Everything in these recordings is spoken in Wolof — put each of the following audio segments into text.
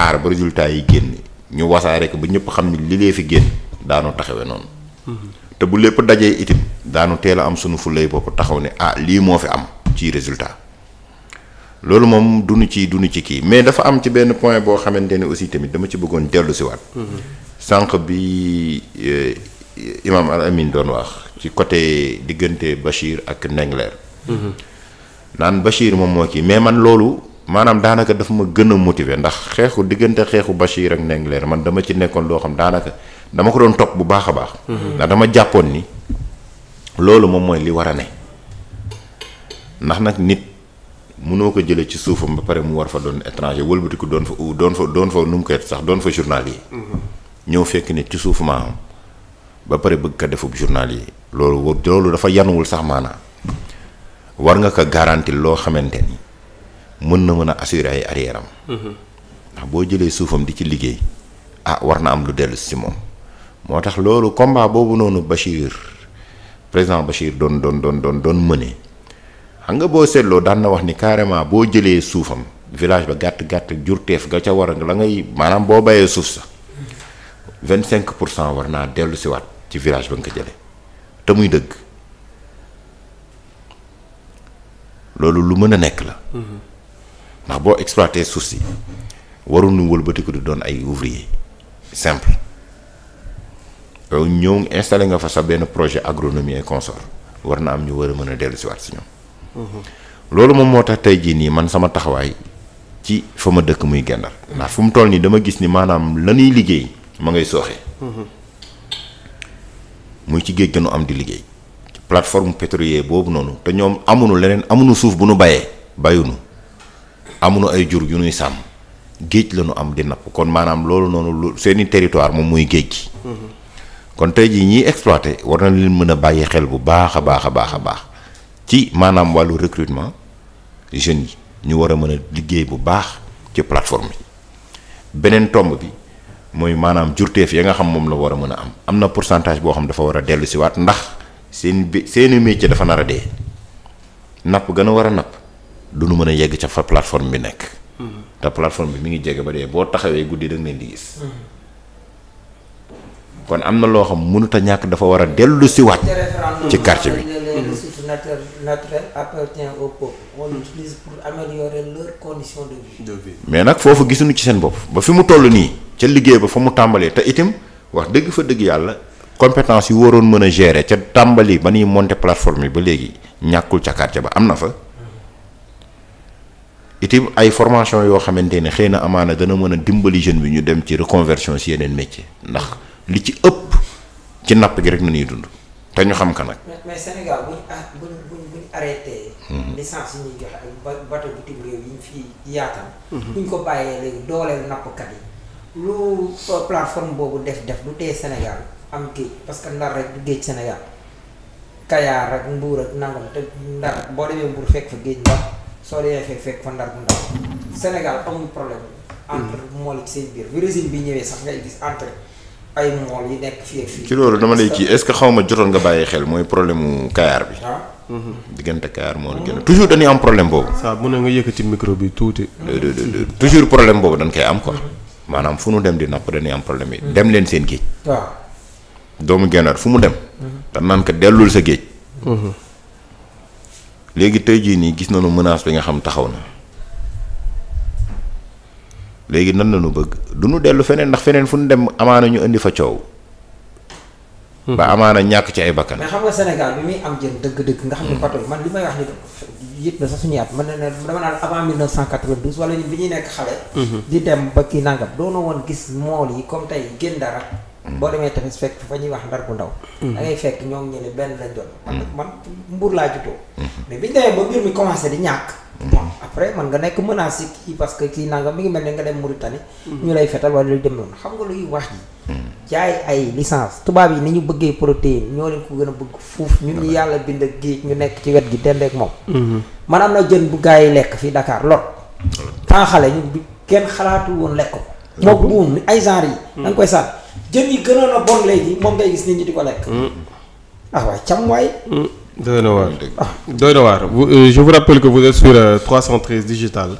xaar ba résultat yi génn ñu wasaa ko ba ñëpp xam ni li lee fi génn daanu taxawe noonu. Mm-hmm. te bu lépp dajee itam daanu teel a am sunu fulay bopp taxaw ne ah lii moo fi am ci résultat loolu moom dunu ci dunu ci kii mais dafa am ci benn point boo xamante ne aussi tamit dama ci bëggoon dellu si waat. Mm-hmm. sànq bi euh, imaam al amin doon wax ci côté diggante Bachir ak Ndengler. Mm-hmm. naan Bachir moom moo kii mais man loolu. maanaam daanaka dafa ma gën a motiver ndax xeexu diggante xeexu Bachir ak Ndingler man dama ci nekkoon loo xam daanaka dama ko doon topp bu baax a baax. Mhm. ndax dama jàppoon ni loolu moom mooy li war a ne ndax nag nit mënoo ko jëlee ci suufam ba pare mu war fa doon étranger wëlbatiku doon fa doon fa doon fa nu mu koy sax doon fa journal yi. Mhm. ñëw fekk nit ci suuf maam ba pare bëgg ka defub journal yi loolu loolu dafa yanuwul sax maanaa war nga ko garanti loo xamante ni. mën na mën a assurer ay arrière mhm. ndax boo jëlee suufam di ci liggéey ah war na am lu dellu si moom. moo tax loolu combat boobu noonu Bachir président Bachir doon doon doon doon doon mëne xam nga boo seetloo daan na wax ni carrément boo jëlee suufam village ba gàtt gàtt jurteef ga ca war a la ngay maanaam boo bayee suuf sa vingt cinq pour cent war naa dellu si waat ci village ba nga ko jëlee te muy dëgg loolu lu mën a nekk la. Mhm. ndax boo exploité suuf si waruñu wëlbatiku di doon ay ouvrier simple yow ñëw installé nga fa sa benn projet agronomie et consort war na am ñu war a mën a dellu si waat si ñoom. Mm-hmm. loolu moom moo tax tey jii nii man sama taxawaay ci fa ma dëkk muy gendar ndax fu mu toll nii dama gis ni maanaam la liggéey ma ngay sooxe. Mm-hmm. muy ci géej gënu am di liggéey. plateforme pétrolière boobu noonu te ñoom amuñu leneen amuñu suuf bu nu bayee bayuñu. amuñu ay jur yu ñuy sàmm géej la ñu am di napp kon maanaam loolu noonu seeni territoire moom muy géej gi. kon tey jii ñiy exploité war na leen mën a bàyyi xel bu baax a baax a baax a baax ci maanaam wàllu recrutement jeunes ñu war a mën a liggéey bu baax ci plateforme yi beneen tomb bi mooy maanaam jurteef ya nga xam moom la war a mën a am am na pourcentage boo xam dafa war a dellu si waat ndax seen bi seeni métier dafa nar a dee napp gën a war a napp. du nu mën a yegg ca fa plateforme bi nekk. Mhm. te plateforme bi mi ngi jege ba dee boo taxawee guddi da nga leen di gis. Mhm. kon am na loo xam mënut a ñàkk dafa war a dellu si waat ci quartier bi. mais nag foofu gisuñu ci seen bopp ba fi mu toll nii ca liggéey ba fa mu tàmbalee te itam wax dëgg fa dëgg yàlla compétence yu waroon mën a gérer ca tàmbali ba ñuy monter plateforme yi ba léegi ñàkkul ca quartier ba am na fa. itam ay formation yoo xamante ne xëy na amaana dana mën a dimbali jeune bi ñu dem ci reconversion si yeneen métier ndax li ci ëpp ci napp gi rek na ñuy dund te ñu xam ka nag. mais Sénégal buñ buñ buñ arrêté. Mhm. licence yi ñuy joxe ak bitim réew yi ñu fi yaatal. Mhm. buñ ko bàyyee léegi dooleel nappkat yi lu euh, plateforme boobu def def du tee Sénégal am géej parce que ndar rek du géej Sénégal Kayaar ak Mbuur ak nangam te ndar boo demee Mbuur fekk fa géej ndar. soo dee fekk fekk fa ndar ndaw Sénégal amul problème hmm. bi nekk ci loolu dama lay kii est-ce que xaw ma jotoon nga bàyyi xel mooy problème mu Kayar bi ah. hmm. diggante Kayar moo la gën hmm. toujours dañuy am problème boobu saa mun na nga yëkkati micro bi tuuti toujours problème boobu dañ koy am ko maanaam fu nu dem di napp dañuy am problème yi dem leen seen géej waaw doomu gànnaar fu mu dem dañ naan dellul sa géej léegi tey jii nii gis nañu menace bi nga xam taxaw na léegi nan na nu bëgg du ñu dellu feneen ndax feneen fu nu dem amaana ñu indi fa coow. Hmm. ba amaana ñàkk ci ay bakkan. mais xam nga Sénégal bi muy am jën dëgg-dëgg. nga xam ne bateau hmm. man li may wax ni yëpp na sax suñu yaat man ne dama naan avant 1992 wala bi ñuy nekk xale. Hmm. di dem ba kii nangam doonoo woon gis mool yi comme tey génn dara. boo demee tamit fekk fa ñuy wax ndar bu ndaw. Mm-hmm. da ngay fekk ñoom ñu ne benn lañ doon. man mm-hmm. mbuur laa juddoo. Mm-hmm. mais biñ demee ba mbir mi commencé di ñàkk. bon après man nga nekk menace si kii parce que kii nangam mi ngi mel ne nga dem Mauritanie. ñu lay fetal wala lu dem noonu xam nga wax jaay ay licence tubaab yi ni ñu bëggee protéine ñoo leen ko gën a bëgg fuuf ñun yàlla bind ak géej ñu nekk ci wet gi dendeek moom. man am na jën bu gaa yi lekk fii dakaar lot. tant xale ñu kenn xalaatu woon lekk ko. moom buum ay genre yi. da koy sànni. jën yi gënoon a bon léegi moom ngay gis nit ñi di ko lekk. Mm. ah cam waay. Mm. doy na waar ah. doy na waar euh, je vous rappelle que vous êtes sur 313 euh, digital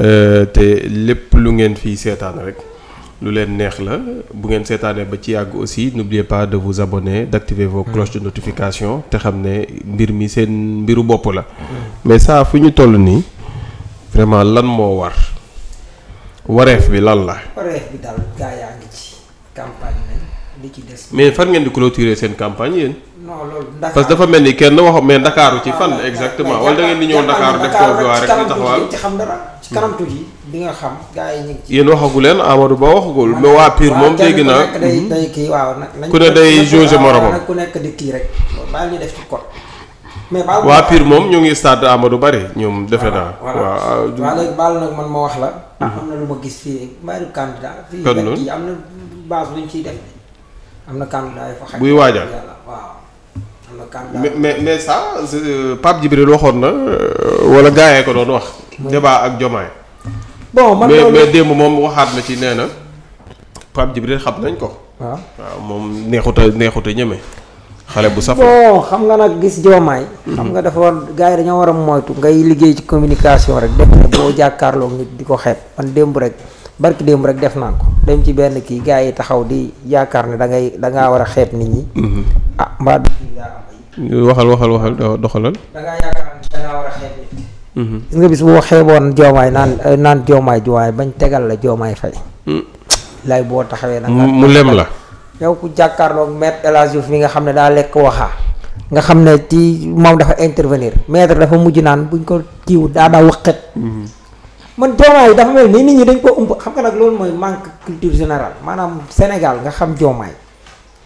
euh, te lépp lu ngeen fi seetaan rek lu leen neex la bu ngeen seetaanee ba ci yàgg aussi n'oubliez pas de vous abonner d'activer vos cloches de notification te xam ne mbir mi seen mbiru bopp la. Mm. mais saa fu ñu toll nii vraiment lan moo war wareef bi lan la. campagne nañ ci des. mais far ngeen di clôturer seen campagne yéen. non que dafa mel ni kenn waxoon mais Dakar ci fan. exactement wala da ngeen di waa rek xam dara. ci hmm. nga xam gars waxagu leen Amadou Ba waxagul. mais waa moom dégg naa waaw kenn ku nekk day hmm. day kii waaw nag. nekk di kii rek. baal ñu mais waa Pire moom ñu ngi stade Amadou Bari ñoom defe naa. waaw waaw baal nag man ma wax la am na lu ma gis fii mbaa du candidat fii kii am na base bu ñu ciy def am na candidat yu fa xaj buy waajal na candidat mais mais ça euh, Pape waxoon na euh, wala gaayee ko doon wax débat ak jomaay bon man mais mais démb moom waxaat na ci nee na Pape Djibril xam nañ ko ah. waaw moom neexuta neexuta ñeme xale bu saf bon xam nga nag gis joomaay xam nga dafa war gars yi dañoo war a moytu ngay liggéey ci communication rek def na boo jàkkaarloog nit di ko xeeb man démb rek barki démb rek def naa ko dem ci benn kii gars yi taxaw di yaakaar ne da ngay da war a xeeb nit ñi. Mhm. ah mbaa waxal waxal waxal doxalal. da mhm. gis nga bis boo xeeboon joomaay naan naan joomaay juwaay bañ tegal la joomaay fay. Mm. lay boo taxawee. da mu lem la. yow ku jàkkaarloog maître El Hadj Diouf mi nga xam ne daa lekk waxaa nga xam ne ci moom dafa intervenir maître dafa mujj naan buñ ko kiiwu daa daa waxet mm-hmm. man joomaay dafa mel ni nit ñi dañ ko ëmb xam nga nag loolu mooy manque culture générale maanaam Sénégal nga xam joomaay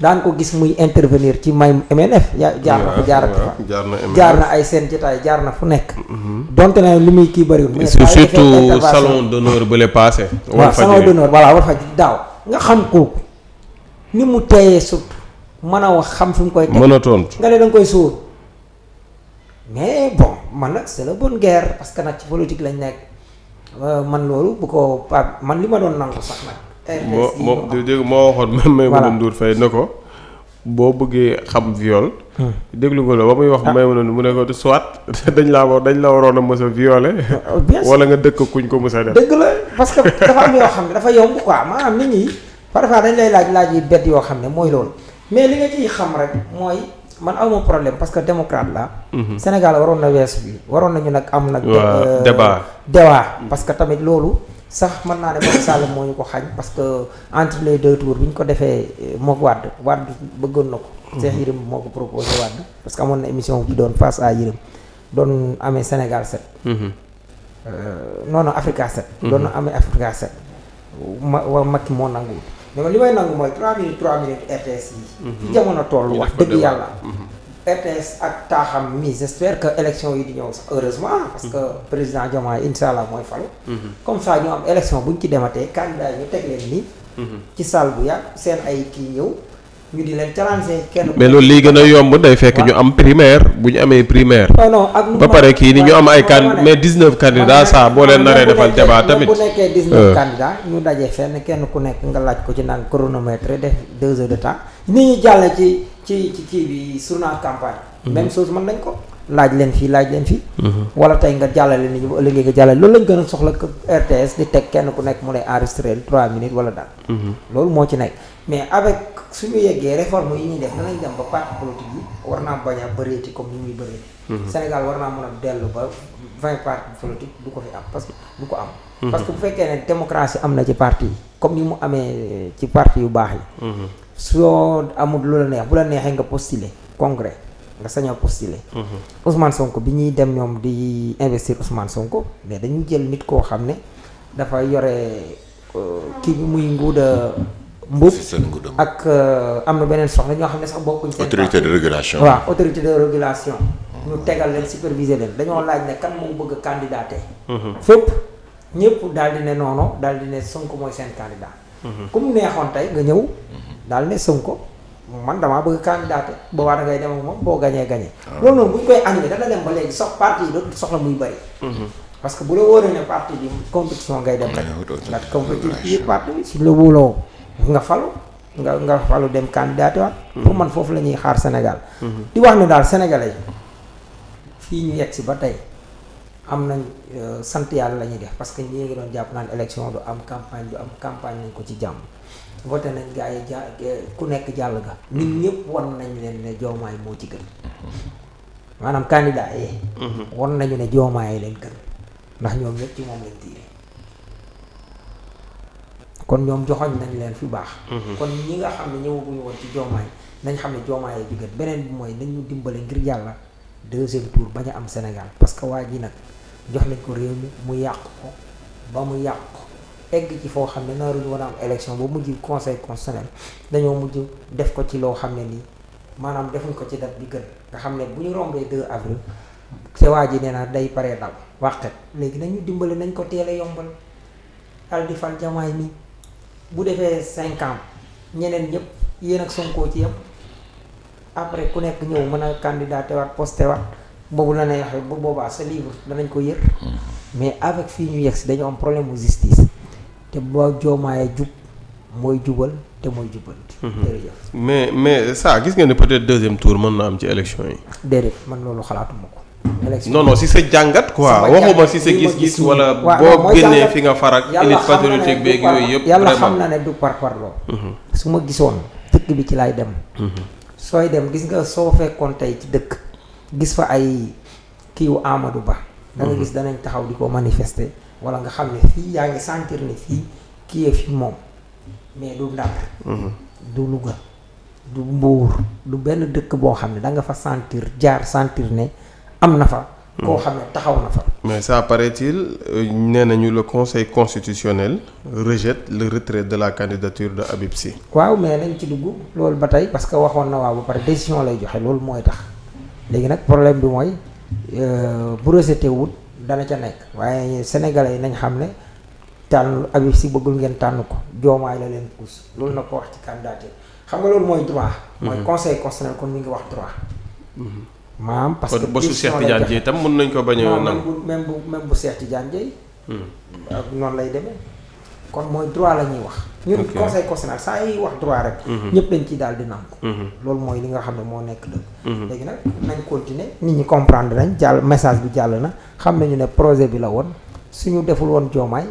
daan ko gis muy intervenir ci may MNF jaar na fa jaar na ay seen jotaay jaar na fu nekk mm-hmm. donte na li muy kii bëriwul mais surtout salon d'honneur bële passé waa salon d'honneur voilà war fa daaw nga xam kooku ni mu teeyee suuf mën a wax xam fi mu koy. mën a tontu nga ne da koy suur. mais bon man nag c'est la bonne guerre parce que nag ci politique lañ nekk euh, man loolu bu ko Pape man li ma doon nangu sax nag. moo moo dégg moo waxoon même Maimouna Ndour Faye ne ko boo bëggee xam viol hmm. déglu nga la ba muy wax ah. Maimouna mu ne ko soit dañ la war dañ la waroon a mës a violé euh, wala nga dëkk kuñ ko mës a def dëgg la parce que dafa am yoo xam ne dafa yomb quoi maanaam nit ñi parfois dañ lay laaj laaj yi bett yoo xam ne mooy loolu mais li nga ciy xam rek mooy man awma problème parce que démocrate la mhm. Sénégal waroon na wees bi waroon nañu nag am nag euh, débat débat parce que tamit loolu sax man naa ne Macky Sall moo ñu ko xañ parce que entre les deux tours bi ñu ko defee euh, mook Wade Wade bëggoon na ko mhm. Cheikh Yérim moo ko proposé Wade parce que amoon na émission bi doon face à Yérim doon amee Sénégal 7 mhm. euh, noonu non Africa 7 doon amee Africa 7 ma Macky moo nanguwul mais li may nangu mooy 3 minutes 3 minutes RTS yi. Mhm. ci jamono toll wax dëgg yàlla. Mhm. RTS ak taaxam mi j' espère que élection yi di ñëw sax heureusement. parce que mhm. président Diomaye incha allah mooy falu. comme ça ñu am élection buñ ci dematee candidat yi ñu teg leen nii. ci salle bu yàgg seen ay kii ñëw. ñu di leen challenger kenn. mais loolu liy gën a yomb day fekk ñu am primaire bu ñu amee primaire. Oh non ba pare kii ni ñu am ay can mais 19 candidats saa boo leen naree defal débat tamit. bu nekkee 19 euh. candidats ñu daje fenn kenn ku nekk nga laaj ko ci naan chronomètre def 2 heures de temps ni jàll ci ci ci kii bi sur campagne. Mm-hmm. même man mën nañ ko. laaj leen fii laaj leen fii. Mhm. wala tey nga jàllale nit ñi bu ëllëgee nga jàllale loolu lañ gën a soxla RTS di teg kenn ku nekk mu lay enregistré 3 minutes wala daal. Mhm. loolu moo ci nekk mais avec suñu yeggee réforme yi ñuy def danañ dem ba parti politique yi war naa bañ a bëreeti comme ni muy bëreeti. Mhm. Sénégal war naa mën a dellu ba 20 parti politique du ko fi am parce que du ko am. parce que bu fekkee ne démocratie am na ci parti yi comme ni mu amee ci parti yu baax yi. soo amul lu la neex bu la neexee nga postuler congrès. nga sañoo postuler. Mhm. Ousmane Sonko bi ñuy dem ñoom di investir Ousmane Sonko mais dañu jël nit koo xam ne dafa yore euh, kii bi muy nguuda euh, mbub ak euh, am na beneen soxla ñoo xam ne sax bokkuñ seen autorité de régulation waaw autorité de régulation mhm. ñu tegal leen superviser leen dañoo laaj ne kan moo bëgg candidaté mhm. fépp ñëpp dal di ne noono dal di ne Sonko mooy seen candidat ku mu neexoon tey nga ñëw daal ne Sonko man damaa bëgg candidaté boobaa da ngay dem ak moom boo gañee gañee ah. loolu noonu bu ñu koy animé dana dem ba léegi sox parti yi dootul soxla muy bëri mhm. parce que bu la wóoree ne parti bi compétition ngay dem rek ah, nga compétir si la nga falu nga nga falu dem candidaté waat mhm. pour man foofu la ñuy xaar Sénégal mhm. di wax ne daal sénégalais fii ñu yegg ba tey am nañ euh, sant yàlla la ñuy def parce que ñi ngi doon jàpp naan élection du am campagne du am campagne nañ ko ci jàmm voté nañ gaa yi ja ku nekk jàll ga nit ñëpp wan nañ leen ne joomaay moo ci gën maanaam candidat yi mhm. wan nañu ne joomaay leen gën ndax ñoom ñëpp ci moom kon ñoom joxoñ nañ leen fi baax mhm. kon ñi nga xam ne ci joomaay nañ xam ne joomaay bi beneen bi mooy nañu dimbale ngir yàlla deuxième tour bañ am Sénégal parce que waa ji nag jox nañ ko réew mi mu yàq ko ba mu yàq egg ci foo xam ne naaruñu woon a am élection ba mujj conseil constitutionnel dañoo mujj def ko ci loo xam ne nii maanaam defuñ ko ci date bi gën nga xam ne bu ñu rombee 2 avril te waa ji nee naa day pare daw waxtet léegi nañu dimbale nañ ko teel a yombal al di fal jamaay mi bu defee 5 ñeneen ñëpp yéen ak Sonko ci yam après ku nekk ñëw mën a candidaté waat posté boobu la ne waxee bu boobaa sa livre danañ ko yër mm-hmm. mais avec fii ñu yegg si dañu am problème mu te boo joomaayee jub mooy jubal te mooy jubanti. Mhm. jërëjëf mais mais saa gis ngeen ne peut-être deuxième tour mën na am ci élection yi. déedéet man loolu xalaatuma ko. non non si sa jàngat ko waxuma si sa gis-gis wala boo génnee fi nga farak élite patriotique yàlla xam na ne du par parloo mhm. su ma gisoon dëkk bi ci laay dem mhm. sooy dem gis nga soo fekkoon tey ci dëkk gis fa ay kiiwu Amadou Ba da gis danañ taxaw di ko manifester wala nga xam ne fii yaa ngi sentir ne fii kii yee fi moom mais du Ndar mhm. du Louga du Mbuur du benn dëkk boo xam ne da nga fa sentir jaar sentir ne am na fa mhm. koo xam ne taxaw na fa mais ça paraît-il euh, nee ñu le conseil constitutionnel rejette le retrait de la candidature de Habib Sy waaw mais nañ ci dugg loolu ba tey parce que waxoon na waaw ba pare décision lay joxe loolu mooy tax léegi nag problème bi mooy euh, bu rejeté wut dana ca nekk waaye sénégalais yi nañ xam ne tànn Habib Sy bëggul ngeen tànn ko joomaay la leen pousse loolu na ko wax ci candidat xam nga loolu mooy droit. Mhm. mooy conseil constitutionnel kon mi ngi wax droit. Mhm. maam parce que bosu Cheikh Tidiane Dièye tam mën nañ koo bañ a nangu même bu même bu Cheikh Tidiane Dièye. Mhm. noonu lay demee kon mooy droit la wax. ñun conseil constitutionnel saa yi wax droit rek. Mhm. ñëpp dañ ciy daal di nangu. Mhm. loolu mooy li nga xam ne moo nekk dëgg. Mhm. léegi nag nañ continuer nit ñi comprendre nañ jàll message bi jàll na xam nañu ne projet bi la woon su ñu deful woon joomaay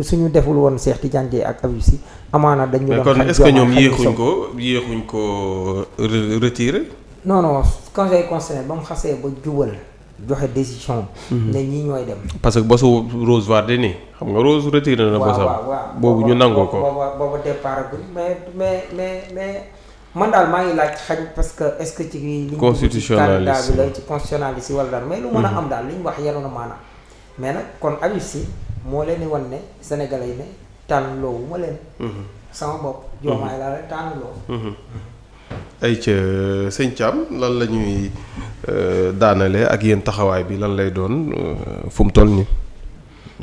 suñu deful woon Cheikh Tidiane Dièye ak Habib Sy amaana dañ ñu doon kon est-ce que ñoom yéexuñ ko yéexuñ ko retirer. non non conseil constitutionnel ba mu xasee ba jubal. joxe décision. Mhm. ne ñi ñooy dem. parce que bosu Rose Wardini xam nga Rose retiré na. bosam boobu ñu nangoo ko. booba booba départ mais mais mais mais man daal maa ngi laaj xañ parce que est-ce que ci. liñ constitutionnaliste bi la ci constitutionnaliste dara mais lu mën a mhm. am daal li wax yenoon na maanaam. mais nag kon Habib Sy moo leen di wan ne sénégalais yi ne tànn loowu ma leen. Mhm. sama bopp. joomaay laa la tànn ay ca sëñ Thiam lan la ñuy euh, daanale ak yéen taxawaay bi lan lay doon euh, fu mu toll nii.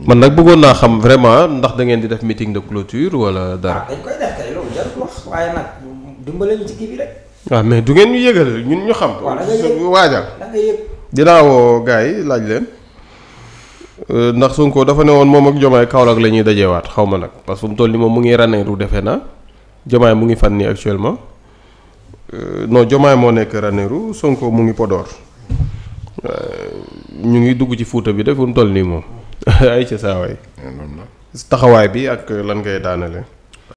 man nag bëggoon naa xam vraiment ndax da ngeen di def meeting de clôture wala dara. Ah, dañ koy def kay rek. Ah, mais du ngeen ñu yëgal ñun ñu xam. waaw da nga yëg dinaa woo gars yi laaj leen. Euh, ndax Sonko dafa ne woon moom ak Jomaay Kaolack la ñuy dajewaat xaw ma nag parce que fu mu toll nii moom mu ngi raneeru defe na Jomaay mu ngi fan nii actuellement. Euh, noo Diomaye moo nekk Ranérou Sonko mu ngi Podor euh, ñu ngi dugg ci Fuuta bi de fu mu nii moom ay ca saawaay eh, taxawaay bi ak lan ngay daanale